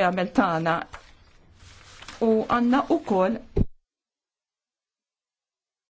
jagħmel tagħna u għandna wkoll